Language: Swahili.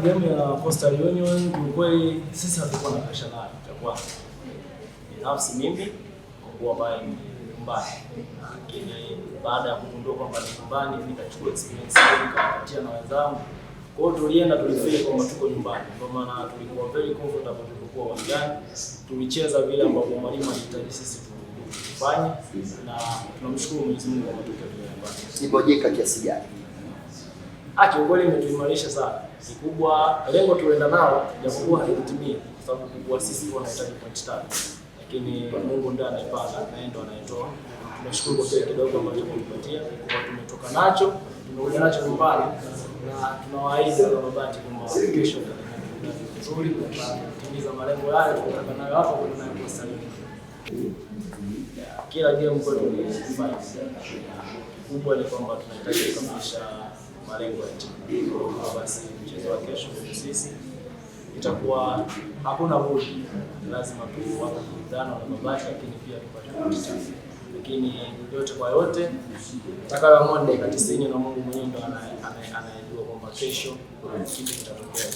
game ya Coastal Union kweli sisi hatukuwa na pressure nayo, ya kwanza binafsi mimi kwa kuwa ni nyumbani, lakini baada ya kugundua kwamba ni nyumbani, nikachukua experience hiyo nikawapatia na wenzangu. Kwa hiyo tulienda tulifeel kwamba tuko nyumbani, kwa maana tulikuwa very comfortable tulipokuwa uwanjani, tulicheza vile ambavyo mwalimu alihitaji sisi tufanye, na tunamshukuru Mwenyezi Mungu kwa matokeo. Ni bojeka kiasi gani? Acha kiukweli imetuimarisha sana kikubwa, lengo tulienda nao japokuwa halitimia, kwa sababu kikubwa sisi tunahitaji point tatu, lakini Mungu ndiye anaipanga na yeye ndiye anayetoa. Tunashukuru kwa kile kidogo ambacho tumepatia, kwa tumetoka nacho, tumekuja nacho nyumbani, na tunawaahidi kwa mabati kwamba kesho nzuri kutimiza malengo yale tunataka nayo hapo kuna nayo kwa kila game kwetu ni kubwa ni kwamba tunahitaji kukamilisha malengo ya timu. Basi mchezo wa kesho kwetu sisi itakuwa hakuna budi, lazima tuwape mvutano na mabasi, lakini pia tupate kutii, lakini yote kwa yote takawa Monday ka na Mungu mwenyewe ndo anayejua kwamba kesho kitu kitatokea.